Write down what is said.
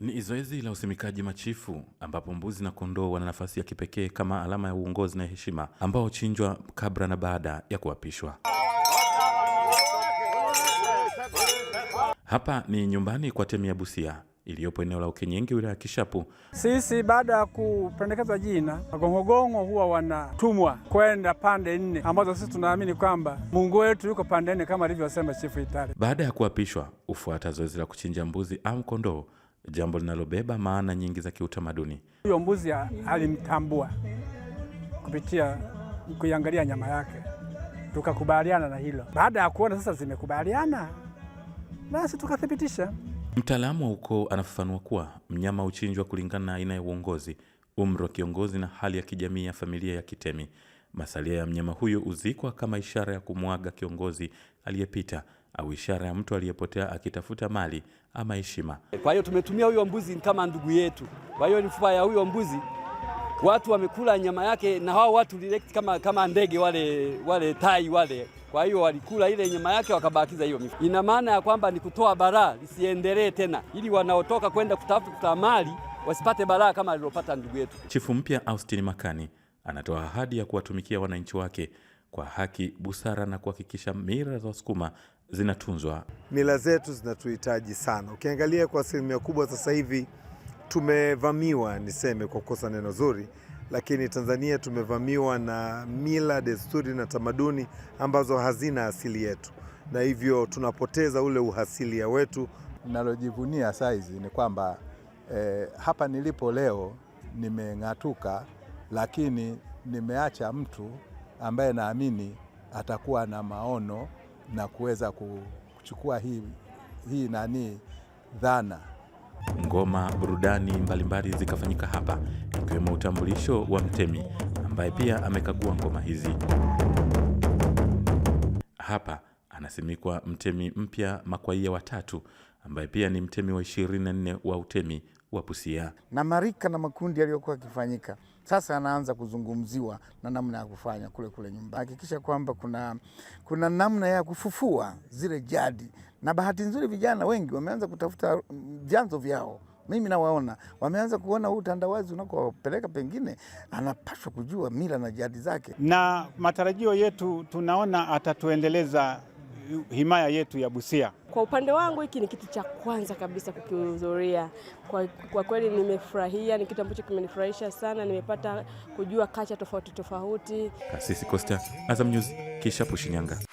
Ni zoezi la usimikaji machifu ambapo mbuzi na kondoo wana nafasi ya kipekee kama alama ya uongozi na heshima ambao huchinjwa kabla na baada ya kuapishwa. Hapa ni nyumbani kwa temi ya Busia iliyopo eneo la Ukenyengi wilaya ya Kishapu. Sisi baada ya kupendekezwa jina, wagongogongo huwa wanatumwa kwenda pande nne ambazo sisi tunaamini kwamba Mungu wetu yuko pande nne kama alivyosema Chifu Itale. Baada ya kuapishwa, hufuata zoezi la kuchinja mbuzi au kondoo, jambo linalobeba maana nyingi za kiutamaduni. Huyo mbuzi alimtambua kupitia kuiangalia nyama yake, tukakubaliana na hilo. Baada ya kuona sasa zimekubaliana, basi tukathibitisha Mtaalamu wa ukoo anafafanua kuwa mnyama huchinjwa kulingana na aina ya uongozi, umri wa kiongozi na hali ya kijamii ya familia ya Kitemi. Masalia ya mnyama huyo huzikwa kama ishara ya kumwaga kiongozi aliyepita au ishara ya mtu aliyepotea akitafuta mali ama heshima. Kwa hiyo tumetumia huyo mbuzi kama ndugu yetu. Kwa hiyo mifupa ya huyo mbuzi watu wamekula nyama yake, na hao watu direct kama, kama ndege wale, wale tai wale kwa hiyo walikula ile nyama yake wakabakiza hiyo mifupa. Ina maana ya kwamba ni kutoa baraa lisiendelee tena, ili wanaotoka kwenda kutafuta mali wasipate baraa kama alilopata ndugu yetu. Chifu mpya Austini Makani anatoa ahadi ya kuwatumikia wananchi wake kwa haki, busara na kuhakikisha mila za Wasukuma zinatunzwa. Mila zetu zinatuhitaji sana. Ukiangalia kwa asilimia kubwa sasa hivi tumevamiwa, niseme kwa kukosa neno zuri lakini Tanzania tumevamiwa na mila, desturi na tamaduni ambazo hazina asili yetu, na hivyo tunapoteza ule uhasilia wetu. Nalojivunia saizi ni kwamba eh, hapa nilipo leo nimeng'atuka, lakini nimeacha mtu ambaye naamini atakuwa na maono na kuweza kuchukua hii, hii nani dhana ngoma, burudani mbalimbali zikafanyika hapa, ikiwemo utambulisho wa mtemi ambaye pia amekagua ngoma hizi. Hapa anasimikwa mtemi mpya Makwaia watatu ambaye pia ni mtemi wa 24 wa utemi wa Pusia na marika na makundi yaliyokuwa akifanyika sasa anaanza kuzungumziwa na namna ya kufanya kule kule nyumbani. Hakikisha kwamba kuna, kuna namna ya kufufua zile jadi, na bahati nzuri vijana wengi wameanza kutafuta mm, vyanzo vyao mimi nawaona wameanza kuona huu utandawazi unakowapeleka, pengine anapaswa kujua mila na jadi zake, na matarajio yetu tunaona atatuendeleza eh, himaya yetu ya Busia. Kwa upande wangu hiki ni kitu cha kwanza kabisa kukihudhuria. Kwa, kwa kweli nimefurahia, ni kitu ambacho kimenifurahisha sana, nimepata kujua kacha tofauti tofauti. Kasisi Costa, Azam News, Kishapu Shinyanga.